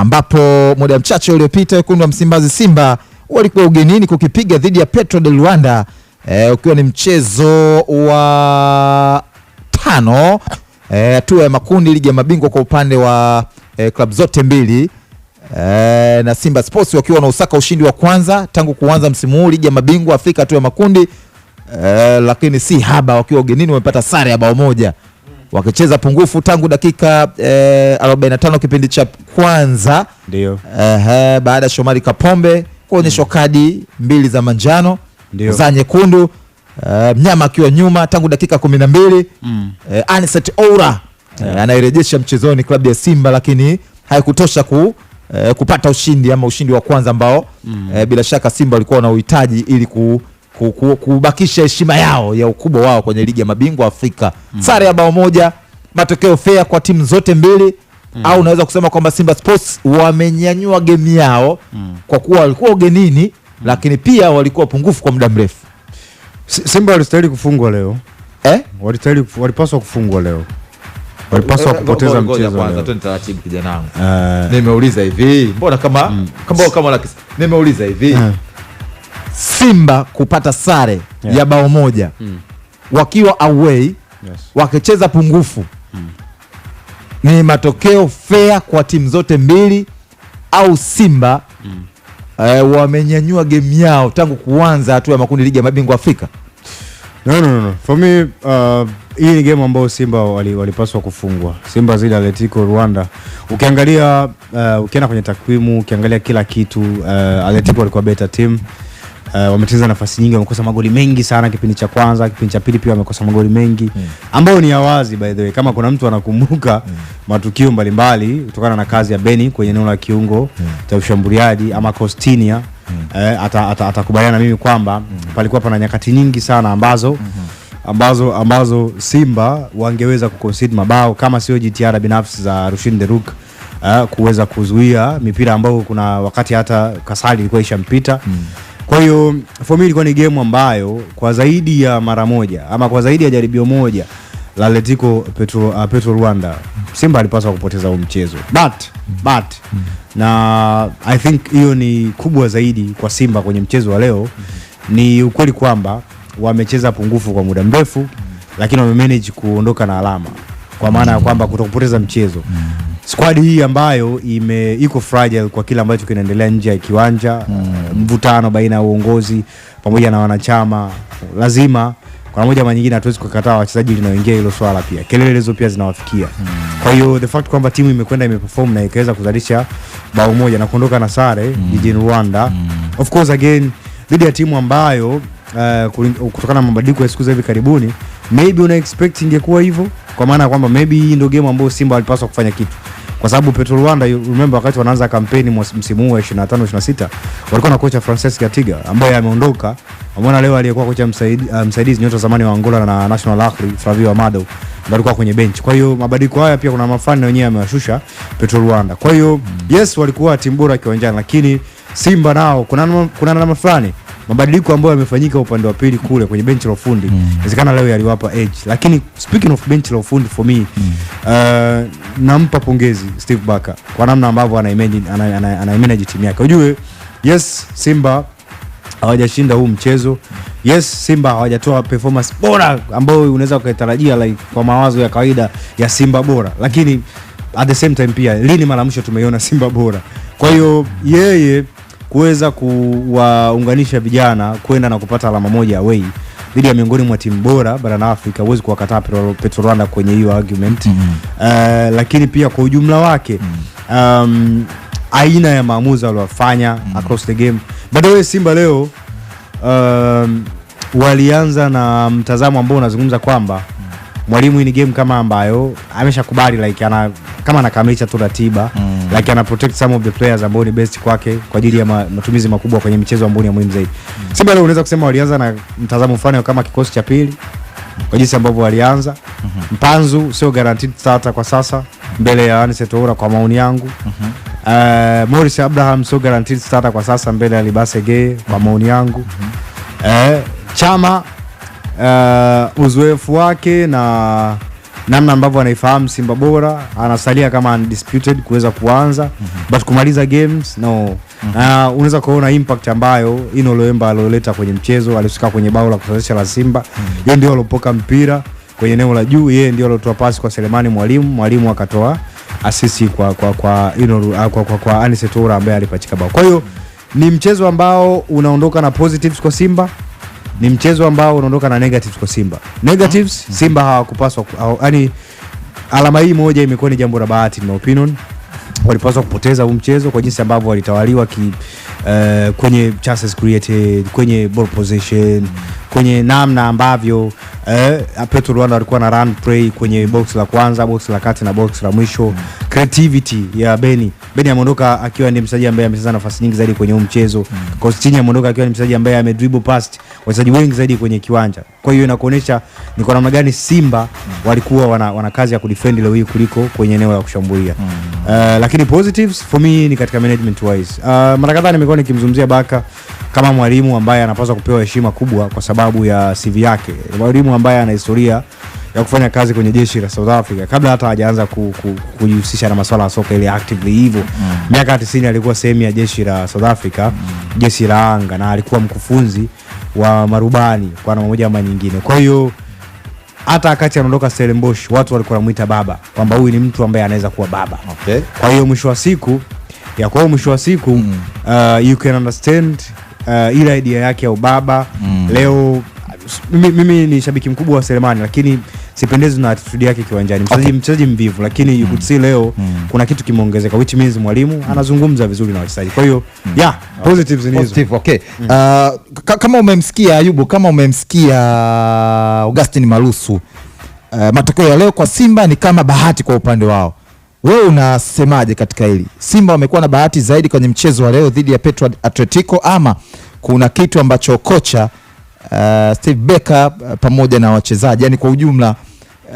ambapo muda mchache uliopita wekundu wa Msimbazi Simba walikuwa ugenini kukipiga dhidi ya Petro de Luanda e, eh, ukiwa ni mchezo wa tano eh, hatua e, ya makundi ligi ya mabingwa kwa upande wa e, eh, klabu zote mbili e, na Simba Sports wakiwa wanausaka ushindi wa kwanza tangu kuanza msimu huu ligi ya mabingwa Afrika hatua ya makundi e, lakini si haba wakiwa ugenini wamepata sare ya bao moja wakicheza pungufu tangu dakika eh, 45 kipindi cha kwanza ndio, eh, baada ya Shomari Kapombe kuonyeshwa mm. kadi mbili za manjano ndio za nyekundu eh, mnyama akiwa nyuma tangu dakika 12 mm. eh, Anset Oura eh, yeah. eh, anairejesha mchezoni klabu ya Simba lakini haikutosha ku eh, kupata ushindi ama ushindi wa kwanza ambao mm. eh, bila shaka Simba walikuwa na uhitaji ili ku kubakisha heshima yao ya ukubwa wao kwenye ligi ya mabingwa Afrika. Mm. Sare ya bao moja, matokeo fair kwa timu zote mbili. Mm. Au unaweza kusema kwamba Simba Sports wamenyanyua game yao mm. kwa kuwa walikuwa ugenini mm. lakini pia walikuwa pungufu kwa muda mrefu. Simba walistahili kufungwa leo eh? Walistahili, walipaswa kufungwa leo, walipaswa eh, eh, kupoteza mchezo kwanza. Twende taratibu, kijana wangu, eh. nimeuliza hivi, mbona kama mm. kama kama nimeuliza hivi uh. Simba kupata sare yeah. ya bao moja mm. wakiwa away yes. wakicheza pungufu mm. ni matokeo fair kwa timu zote mbili au Simba mm. eh, wamenyanyua game yao tangu kuanza hatua ya makundi ligi ya mabingwa Afrika? No, no, no. For me, uh, hii ni game ambayo Simba walipaswa wali kufungwa. Simba zidi Atletico Rwanda. Ukiangalia uh, ukienda kwenye takwimu, ukiangalia kila kitu uh, Atletico walikuwa better team. Uh, wamecheza nafasi nyingi, wamekosa magoli mengi sana kipindi cha kwanza, kipindi cha pili pia wamekosa magoli mengi mm. ambayo ni ya wazi by the way, kama kuna mtu anakumbuka mm. matukio mbalimbali kutokana na kazi ya Beni kwenye eneo la kiungo mm. cha ushambuliaji ama Costinia mm. eh, atakubaliana ata ata na mimi kwamba mm. palikuwa pana nyakati nyingi sana ambazo mm -hmm ambazo ambazo Simba wangeweza kuconcede mabao kama sio jitihada binafsi za Rushin Deruk uh, eh, kuweza kuzuia mipira ambayo kuna wakati hata Kasali ilikuwa ishampita mm. Kwa hiyo for me ilikuwa ni game ambayo kwa zaidi ya mara moja ama kwa zaidi ya jaribio moja la Atletico Petro, uh, Petro Rwanda Simba alipaswa kupoteza huu mchezo but, but, na I think hiyo ni kubwa zaidi kwa Simba kwenye mchezo wa leo ni ukweli kwamba wamecheza pungufu kwa muda mrefu, lakini wamemanage kuondoka na alama, kwa maana ya kwamba kutokupoteza mchezo squad hii ambayo ime iko fragile kwa kile ambacho kinaendelea nje ya kiwanja mm. Mvutano baina ya uongozi pamoja na wanachama, lazima kwa moja ama nyingine hatuwezi kukataa wachezaji linaoingia hilo swala, pia kelele hizo pia zinawafikia mm. Kwa hiyo the fact kwamba timu imekwenda imeperform na ikaweza kuzalisha bao moja na kuondoka na sare mm. jijini Rwanda mm. Of course again dhidi ya timu ambayo Uh, kutokana na mabadiliko ya siku za hivi karibuni, maybe una expect ingekuwa hivyo, kwa maana ya kwamba maybe hii ndio game ambayo Simba walipaswa kufanya kitu, kwa sababu Petro Rwanda remember wakati wanaanza kampeni msimu huu wa 25 26 walikuwa na kocha Francis Gatiga ambaye ameondoka. Umeona leo aliyekuwa kocha uh, msaidizi msaidi, nyota zamani wa Angola na National Ahli Flavio Amado ndio alikuwa kwenye benchi. Kwa hiyo mabadiliko haya pia kuna mafani wenyewe amewashusha Petro Rwanda. Kwa hiyo yes, walikuwa timu bora kiwanjani, lakini Simba nao kuna kuna namna fulani mabadiliko ambayo yamefanyika upande wa pili kule kwenye benchi la ufundi mm. inawezekana mm. leo yaliwapa edge, lakini speaking of benchi la ufundi for me mm. uh, nampa pongezi Steve Barker kwa namna ambavyo ana manage ana, ana, ana manage timu yake. Ujue yes Simba hawajashinda huu mchezo. Yes, Simba hawajatoa performance bora ambayo unaweza ukaitarajia like, kwa mawazo ya kawaida ya Simba bora, lakini at the same time pia lini mara mwisho tumeiona Simba bora? Kwa hiyo yeye yeah, yeah kuweza kuwaunganisha vijana kwenda na kupata alama moja away dhidi ya miongoni mwa timu bora barani Afrika. Huwezi kuwakataa Petro Rwanda kwenye hiyo argument mm -hmm. Uh, lakini pia kwa ujumla wake mm -hmm. um, aina ya maamuzi waliofanya mm -hmm. across the game. By the way, Simba leo um, walianza na mtazamo ambao unazungumza kwamba mm-hmm. mwalimu ni game kama ambayo ameshakubali like ana kama anakamilisha tu ratiba mm. Lakini ana protect some of the players ambao ni best kwake kwa ajili ya matumizi makubwa kwenye michezo ambayo ni muhimu zaidi mm. Simba leo unaweza kusema walianza na mtazamo mfano kama kikosi cha pili kwa jinsi ambavyo walianza mm -hmm. Mpanzu sio guaranteed starter kwa sasa mbele ya Anis Toura kwa maoni yangu mm -hmm. Uh, Morris Abraham sio guaranteed starter kwa sasa mbele ya Libase Gay kwa mhm. maoni yangu mm -hmm. Uh, Chama uh, uzoefu wake na namna ambavyo anaifahamu Simba bora anasalia kama undisputed kuweza kuanza mm -hmm. but kumaliza games no mm -hmm. uh, unaweza kuona impact ambayo Ino Loemba alioleta kwenye mchezo, alifika kwenye bao la kusawazisha la Simba mm -hmm. yeye ndio alopoka mpira kwenye eneo la juu, yeye ndio alotoa pasi kwa Selemani Mwalimu, Mwalimu akatoa asisi kwa kwa kwa Ino kwa kwa, kwa, kwa Anise ambaye alipachika bao. Kwa hiyo ni mchezo ambao unaondoka na positives kwa Simba ni mchezo ambao unaondoka na negatives kwa Simba. Negatives, mm-hmm. Simba hawakupaswa yani, alama hii moja imekuwa ni jambo la bahati my opinion. Walipaswa kupoteza huu mchezo kwa jinsi ambavyo walitawaliwa ki, uh, kwenye chances created, kwenye ball possession, kwenye namna ambavyo eh, Petro Luanda alikuwa na run play kwenye box la kwanza, box la kati na box la mwisho mm. Creativity ya Beni Beni ameondoka akiwa ndiye mchezaji ambaye amecheza nafasi nyingi zaidi kwenye huu mchezo mm. Costini ameondoka akiwa ni mchezaji ambaye ame dribble past wachezaji wengi zaidi kwenye kiwanja. Kwa hiyo inakuonyesha ni kwa namna gani Simba mm. walikuwa wana, wana kazi ya kudefend leo hii kuliko kwenye eneo la kushambulia mm. Uh, lakini positives for me ni katika management wise. Uh, mara kadhaa nimekuwa nikimzungumzia Baka kama mwalimu ambaye anapaswa kupewa heshima kubwa kwa sababu ya CV yake, mwalimu ambaye ana historia ya kufanya kazi kwenye jeshi la South Africa kabla hata hajaanza kujihusisha ku, ku, na masuala ya soka ile actively hivyo mm. Miaka 90 alikuwa sehemu ya jeshi la South Africa mm. Jeshi la anga na alikuwa mkufunzi wa marubani kwa namna moja ama nyingine. Kwa hiyo hata wakati anaondoka Stellenbosch watu walikuwa wanamuita baba, kwamba huyu ni mtu ambaye anaweza kuwa baba okay. Kwa hiyo mwisho wa siku ya kwa mwisho wa siku mm. uh, you can understand uh, eh, ila idea yake ya ubaba mm. Leo mimi, ni shabiki mkubwa wa Selemani lakini sipendezi na attitude yake kiwanjani. Mchezaji okay. mvivu lakini mm. you could mm. see leo mm. kuna kitu kimeongezeka which means mwalimu mm. anazungumza vizuri na wachezaji. Kwa hiyo mm. yeah, positives ni Positive, okay. Mm. Uh, kama umemsikia Ayubu, kama umemsikia Augustine Malusu uh, matokeo ya leo kwa Simba ni kama bahati kwa upande wao wewe unasemaje katika hili? Simba wamekuwa na bahati zaidi kwenye mchezo wa leo dhidi ya Petro Atletico ama kuna kitu ambacho kocha uh, Steve Becker uh, pamoja na wachezaji yani kwa ujumla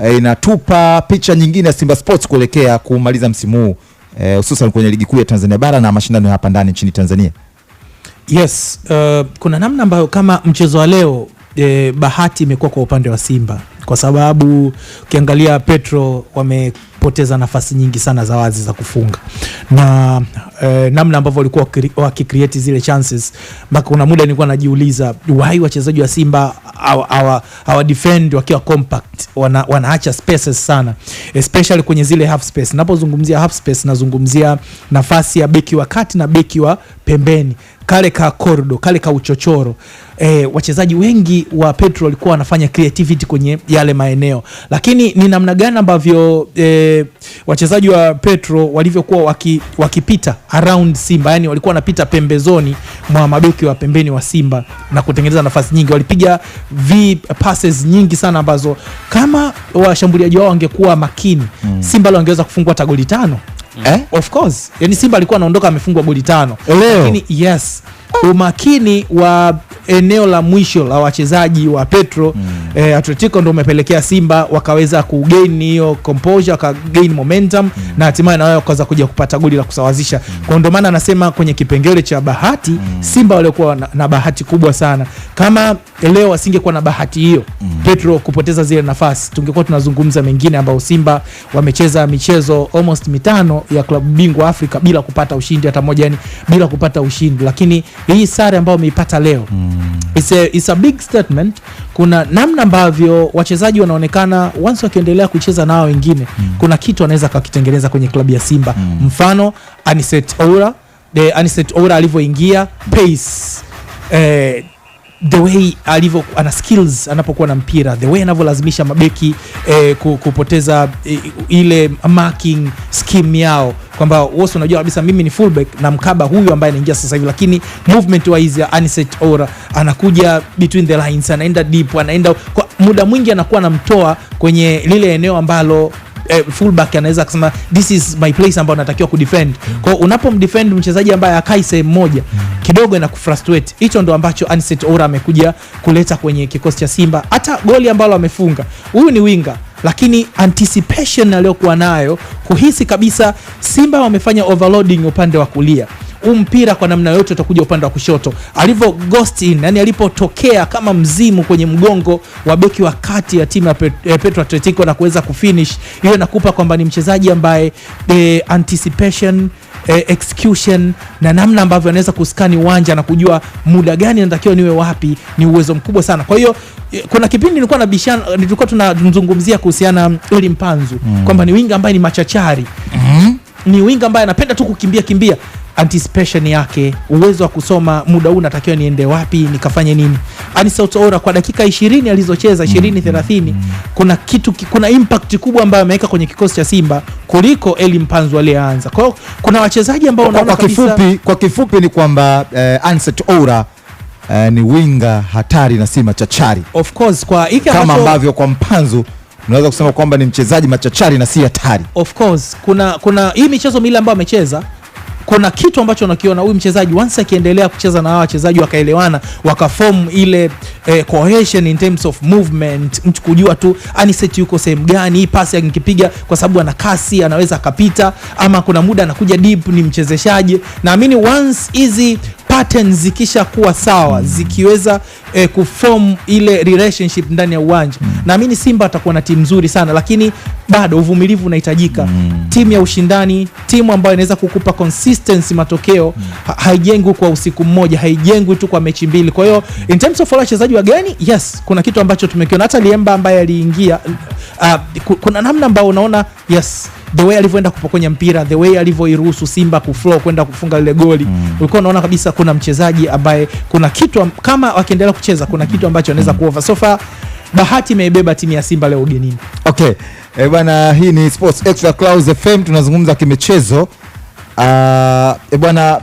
uh, inatupa picha nyingine ya Simba Sports kuelekea kumaliza msimu huu uh, hususan uh, kwenye ligi kuu ya Tanzania bara na mashindano hapa ndani nchini Tanzania? Yes, uh, kuna namna ambayo kama mchezo wa leo eh, bahati imekuwa kwa upande wa Simba kwa sababu ukiangalia Petro wamepoteza nafasi nyingi sana za wazi za kufunga na eh, namna ambavyo walikuwa wakicreate zile chances, mpaka kuna muda nilikuwa najiuliza why wachezaji wa Simba hawa defend wakiwa compact, wana, wanaacha spaces sana especially kwenye zile half space. Ninapozungumzia half space nazungumzia nafasi ya beki wa kati na beki wa pembeni kale ka kordo kale ka uchochoro. Eh, wachezaji wengi wa Petro walikuwa wanafanya creativity kwenye yale maeneo, lakini ni namna gani ambavyo e, wachezaji wa Petro walivyokuwa waki, wakipita around Simba, yani walikuwa wanapita pembezoni mwa mabeki wa pembeni wa Simba na kutengeneza nafasi nyingi. Walipiga v passes nyingi sana ambazo kama washambuliaji wao wangekuwa makini mm. Simba leo angeweza kufungua hata goli tano. Mm. Eh? Of course. yani Simba alikuwa anaondoka amefungwa goli tano. Lakini yes, umakini wa eneo la mwisho la wachezaji wa Petro mm. eh, Atletico ndo umepelekea Simba wakaweza kugain hiyo composure, waka gain momentum mm. na hatimaye na wao wakaweza kuja kupata goli la kusawazisha mm. kwa ndio maana anasema kwenye kipengele cha bahati mm. Simba waliokuwa na, na bahati kubwa sana. Kama leo wasingekuwa na bahati hiyo mm. Petro kupoteza zile nafasi, tungekuwa tunazungumza mengine ambayo Simba wamecheza michezo almost mitano ya klabu bingwa Afrika bila kupata ushindi hata moja, yani bila kupata ushindi, lakini hii sare ambayo wameipata leo mm. It's a, it's a big statement. Kuna namna ambavyo wachezaji wanaonekana once wakiendelea kucheza nao wengine mm. kuna kitu anaweza kakitengeneza kwenye klabu ya Simba mm. mfano Aniset ora Aniset alivyoingia pace eh, the way alivyo ana skills anapokuwa na mpira, the way anavyolazimisha mabeki eh, kupoteza eh, ile marking scheme yao kwamba wose unajua kabisa mimi ni fullback na mkaba huyu ambaye anaingia sasa hivi, lakini movement wise Aniset Ora anakuja between the lines, anaenda deep, anaenda kwa muda mwingi anakuwa anamtoa kwenye lile eneo ambalo eh, fullback anaweza kusema this is my place ambayo natakiwa kudefend. Kwa hiyo unapomdefend mchezaji ambaye akai sehemu moja kidogo inakufrustrate. Hicho ndo ambacho anset Ora amekuja kuleta kwenye kikosi cha Simba. Hata goli ambalo amefunga, huyu ni winga lakini anticipation aliyokuwa nayo kuhisi kabisa Simba wamefanya overloading upande wa kulia huu mpira kwa namna yoyote utakuja upande wa kushoto. Alivyo ghost in, yani alipotokea kama mzimu kwenye mgongo wa beki wa kati ya timu ya eh, Petro Atletico na kuweza kufinish, hiyo nakupa kwamba ni mchezaji ambaye eh, anticipation E, execution na namna ambavyo anaweza kuskani uwanja na kujua muda gani natakiwa niwe wapi, ni uwezo mkubwa sana. Kwa hiyo eh, kuna kipindi nilikuwa na bishana, nilikuwa tunazungumzia kuhusiana Eli Mpanzu mm. kwamba ni winga ambaye ni machachari mm. ni winga ambaye anapenda tu kukimbia kimbia anticipation yake, uwezo wa kusoma muda huu natakiwa niende wapi nikafanye nini. Anis Otaora kwa dakika ishirini alizocheza 20 30, mm-hmm. kuna kitu kuna impact kubwa ambayo ameweka kwenye kikosi cha Simba kuliko Eli Mpanzu aliyeanza. kwao kuna wachezaji ambao kwa, kwa, kabisa... kifupi, kwa kifupi ni kwamba eh, ansetora eh, ni winga hatari na si machachari. Of course kwa hiki kama ambavyo kwa Mpanzu unaweza kusema kwamba ni mchezaji machachari na si hatari. Of course kuna kuna hii michezo mile ambayo amecheza kuna kitu ambacho nakiona huyu mchezaji once akiendelea kucheza na hawa wachezaji wakaelewana, wakaform ile eh, cohesion in terms of movement, mtu kujua tu aniset yuko sehemu gani, hii pasi akikipiga kwa sababu ana kasi, anaweza akapita, ama kuna muda anakuja deep, ni mchezeshaji Naamini once hizi pattern zikisha kuwa sawa mm. zikiweza eh, kuform ile relationship ndani ya uwanja mm. Naamini Simba atakuwa na timu nzuri sana, lakini bado uvumilivu unahitajika mm. Timu ya ushindani, timu ambayo inaweza kukupa consistency matokeo mm. haijengwi kwa usiku mmoja, haijengwi tu kwa mechi mbili. Kwa hiyo in terms of wachezaji wageni, yes, kuna kitu ambacho tumekiona hata Liemba ambaye aliingia, uh, kuna namna ambayo unaona yes the way alivyoenda kupokonya mpira, the way alivyoiruhusu Simba kuflow kwenda kufunga lile goli mm. ulikuwa unaona kabisa kuna mchezaji ambaye kuna kitu kama wakiendelea kucheza kuna kitu ambacho anaweza mm. kuova so far bahati imeibeba timu ya Simba leo ugenini. Okay. E, bwana hii ni Sports Extra Clouds FM tunazungumza kimichezo. Uh, e bwana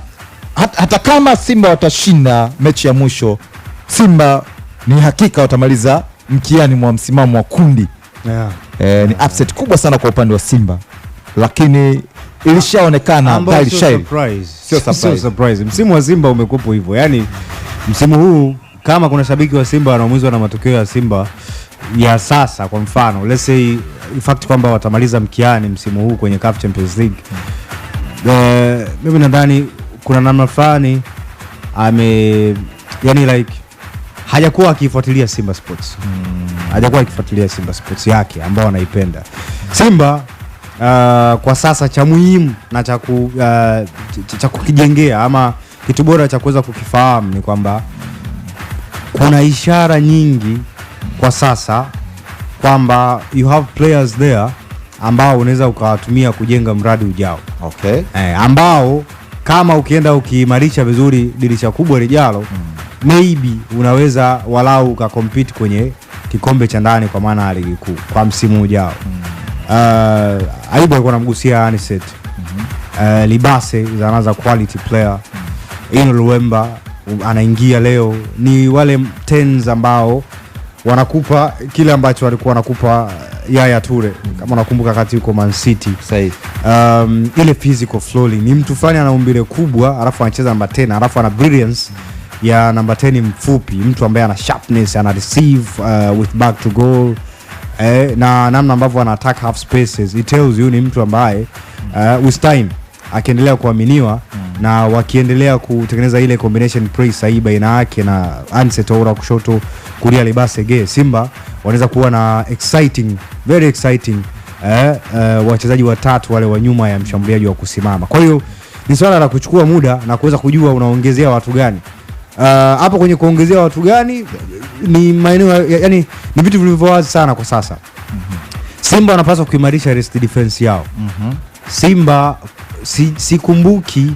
hat, hata kama Simba watashinda mechi ya mwisho, Simba ni hakika watamaliza mkiani mwa msimamo wa kundi. Yeah. Eh, yeah. Ni upset kubwa sana kwa upande wa Simba lakini ilishaonekana sio surprise. Msimu wa Simba umekuwepo hivyo, Yani msimu huu kama kuna shabiki wa Simba wanaumizwa na matokeo ya Simba ya sasa, kwa mfano let's say fact kwamba watamaliza mkiani msimu huu kwenye CAF Champions League, uh, mimi nadhani kuna namna fulani ame yani like hajakuwa akifuatilia Simba Sports, hmm. hajakuwa akifuatilia Simba Sports yake ambao anaipenda Simba uh, kwa sasa cha muhimu na cha uh, kukijengea ama kitu bora cha kuweza kukifahamu ni kwamba kuna ishara nyingi kwa sasa kwamba you have players there ambao unaweza ukawatumia kujenga mradi ujao okay. Eh, ambao kama ukienda ukiimarisha vizuri dirisha kubwa lijalo mm. Maybe unaweza walau ukakompiti kwenye kikombe cha ndani kwa maana ya ligi kuu kwa msimu ujao mm uh, Aibu alikuwa anamgusia Aniset mm -hmm. uh, Libase anaanza quality player mm -hmm. Ino Luemba um, anaingia leo, ni wale tens ambao wanakupa kile ambacho walikuwa wanakupa uh, Yaya Ture kama unakumbuka, kati yuko Man City sahihi. Um, ile physical floli ni mtu fulani ana umbile kubwa, alafu anacheza namba 10, alafu ana brilliance ya namba 10 mfupi, mtu ambaye ana sharpness, ana receive uh, with back to goal mm eh, na namna ambavyo ana attack half spaces, it tells you ni mtu ambaye uh, eh, with akiendelea kuaminiwa mm. na wakiendelea kutengeneza ile combination play baina yake na Anset kushoto kulia Libasege, Simba wanaweza kuwa na exciting, very exciting eh, eh, wachezaji watatu wale wa nyuma ya mshambuliaji wa kusimama. Kwa hiyo ni swala la kuchukua muda na kuweza kujua unaongezea watu gani. Ah, hapo kwenye kuongezea watu gani, ni maeneo yani, ni vitu vilivyo wazi sana kwa sasa. Simba wanapaswa kuimarisha rest defense yao. Simba si, sikumbuki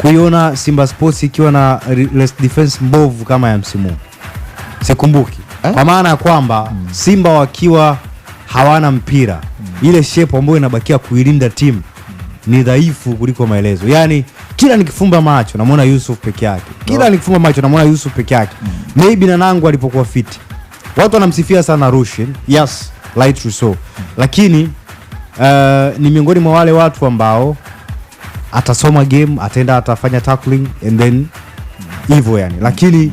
kuiona Simba Sports ikiwa na rest defense mbovu kama ya msimu, sikumbuki eh? Kwa maana ya kwamba Simba wakiwa hawana mpira ile shepo ambayo inabakia kuilinda timu ni dhaifu kuliko maelezo yani kila nikifumba macho namwona Yusuf peke yake, kila no. Oh. nikifumba macho namwona Yusuf peke yake mm. maybe nanangu alipokuwa fiti watu wanamsifia sana Rushin, yes rightly so mm. lakini uh, ni miongoni mwa wale watu ambao atasoma game ataenda atafanya tackling and then hivyo mm. yani, lakini mm.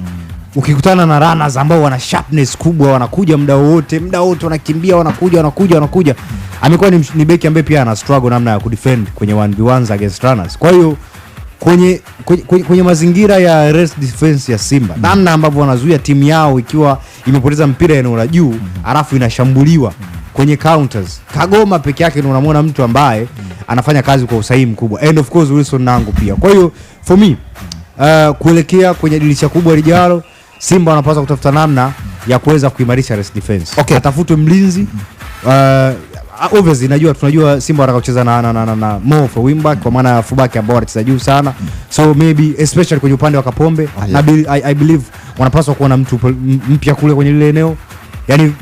ukikutana na runners ambao wana sharpness kubwa, wanakuja muda wote muda wote wanakimbia, wanakuja wanakuja wanakuja amekuwa ni, ni beki ambaye pia ana struggle namna ya kudefend kwenye 1v1 against runners, kwa hiyo kwenye, kwenye, kwenye mazingira ya rest defense ya Simba mm. namna ambavyo wanazuia timu yao ikiwa imepoteza mpira eneo la juu mm. alafu inashambuliwa mm. kwenye counters. Kagoma peke yake ndio unamwona mtu ambaye mm. anafanya kazi kwa usahihi mkubwa and of course Wilson Nangu pia. Kwa hiyo for me mm. uh, kuelekea kwenye dirisha kubwa lijalo Simba wanapaswa kutafuta namna ya kuweza kuimarisha rest defense. Okay. Atafutwe mlinzi mm. uh, Ah, obviously najua tunajua Simba wanataka kucheza na, na, na, na, na for wing kwa maana ya fullback ambao wanacheza juu sana, so maybe especially kwenye upande wa Kapombe ah, na I, I believe wanapaswa kuwa na mtu mpya kule kwenye lile eneo yani uh,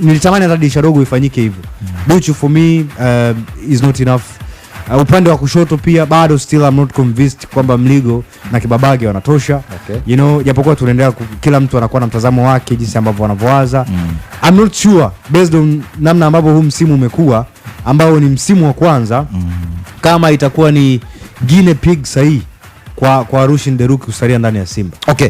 nilitamani hata dirisha dogo ifanyike hivyo. Buchu mm. for me uh, is not enough. Uh, upande wa kushoto pia bado still I'm not convinced kwamba Mligo na kibabage wanatosha okay. You know, japokuwa tunaendelea, kila mtu anakuwa na mtazamo wake jinsi ambavyo wanavyowaza mm. I'm not sure based on namna ambavyo huu msimu umekuwa ambao ni msimu wa kwanza mm. kama itakuwa ni guinea pig sahihi kwa, kwa Rushin Deruki kusalia ndani ya Simba okay.